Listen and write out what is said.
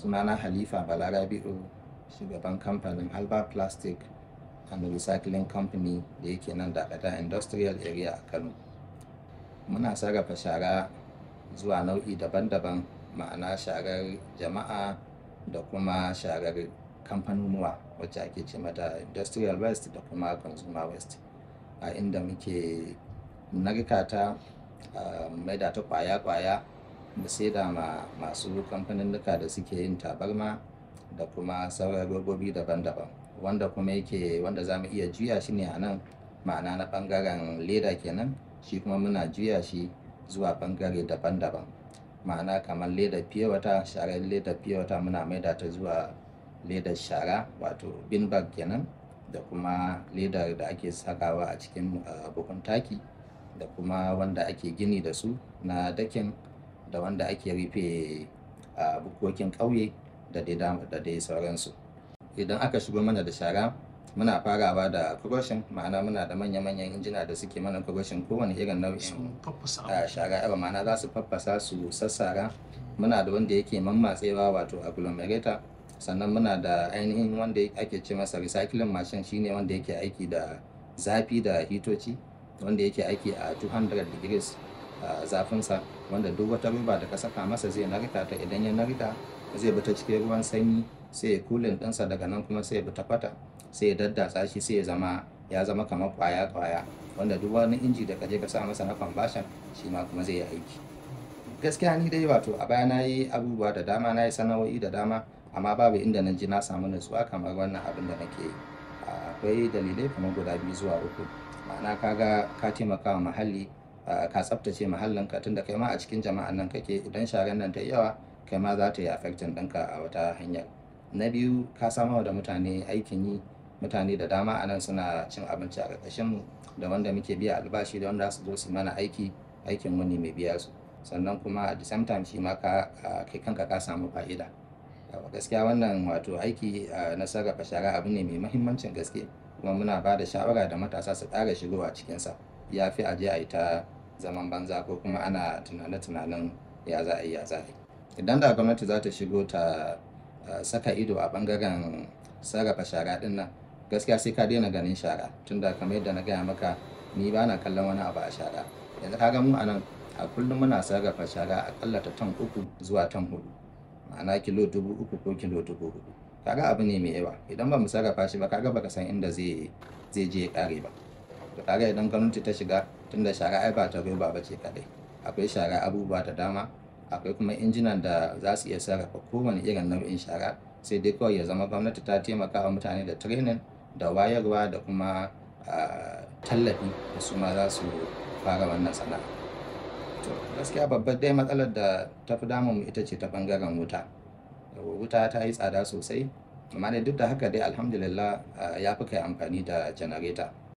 sunana halifa balarabi'u shugaban kamfanin alba plastic and recycling company da yake nan da dakata industrial area a kano muna sarrafa shara zuwa nau'i daban-daban ma'ana sharar jama'a da kuma sharar kamfanunuwa wacce ake ce mata industrial west da kuma consumer west a inda muke narkata mai da ta kwaya-kwaya da saida ma masu kamfaninnika da suke yin tabarma da kuma sauran robobi daban-daban wanda kuma yake wanda za mu iya juya shi ne a nan ma'ana na ɓangaren leda kenan shi kuma muna juya shi zuwa ɓangare daban-daban ma'ana kamar leda fiye wata sharar leda fiye muna maida ta zuwa leda shara wato binbag kenan da kuma ledar da ake sakawa a cikin buhun taki da kuma wanda ake gini da su na dakin da wanda ake rufe a bukokin ƙauye da dai sauransu idan aka shigo mana da shara muna farawa da kurushin ma'ana muna da manya-manyan injina da suke mana kuroshin kowane irin nau'in shara yawa ma'ana za su faffasa su sassara muna da wanda yake mammatsewa wato agglomerator sannan muna da ainihin wanda ake ce masa recycling machine shine wanda yake aiki da zafi da hitoci wanda yake aiki a 200 degrees zafinsa wanda duk wata ruba da ka saka masa zai narita ta idan ya narita zai bi ta cikin ruwan sanyi sai ya kulin ɗinsa daga nan kuma sai ya bi ta fata sai ya daddatsa shi sai ya zama ya zama kamar kwaya kwaya wanda duk wani inji da kaje ka sa masa na kwambashan shi ma kuma zai yi aiki gaskiya ni dai wato a baya na yi abubuwa da dama na yi sana'o'i da dama amma babu inda na ji na samu nutsuwa kamar wannan abin da nake yi akwai dalilai kamar guda biyu zuwa uku ma'ana kaga ka taimaka wa muhalli ka tsaftace ka tunda kai ma a cikin jama'an nan kake idan sharan nan ta yawa kai ma za ta yi affecting ɗinka a wata hanyar na biyu ka samar da mutane aikin yi mutane da dama a nan suna cin abinci a ƙarƙashin mu da wanda muke biya albashi da wanda su zo su mana aiki aikin wani mai biya su sannan kuma at the same time shi ma kai kanka ka samu fa'ida gaskiya wannan wato aiki na sarrafa shara abu ne mai mahimmancin gaske kuma muna ba da shawara da matasa su ƙara shigowa cikinsa ya fi aje a yi ta zaman banza ko kuma ana tunane-tunanen ya za a yi ya za idan da gwamnati za ta shigo ta eh, saka ido a bangaren sarrafa shara din nan gaskiya sai ka daina ganin shara tunda kamar yadda na gaya maka ni ba na kallon wani abu a shara yanzu ka ga mu a nan a kullum muna sarrafa shara akalla ta tan uku zuwa tan hudu ma'ana kilo dubu uku ko kilo dubu hudu kaga abu ne mai yawa idan ba mu sarrafa shi ba kaga baka san inda zai je ya kare ba to kaga idan gwamnati ta shiga tunda shara ai ba ta ba ce kaɗai akwai shara abubuwa da dama akwai kuma injinan da za su iya sarrafa kowane irin nau'in shara sai dai kawai ya zama gwamnati ta taimaka wa mutane da training da wayarwa da kuma tallafi da su ma za su fara wannan sana'a to gaskiya babbar dai matsalar da ta fi mu ita ce ta bangaren wuta wuta ta yi tsada sosai amma dai duk da haka dai alhamdulillah ya fi kai amfani da janareta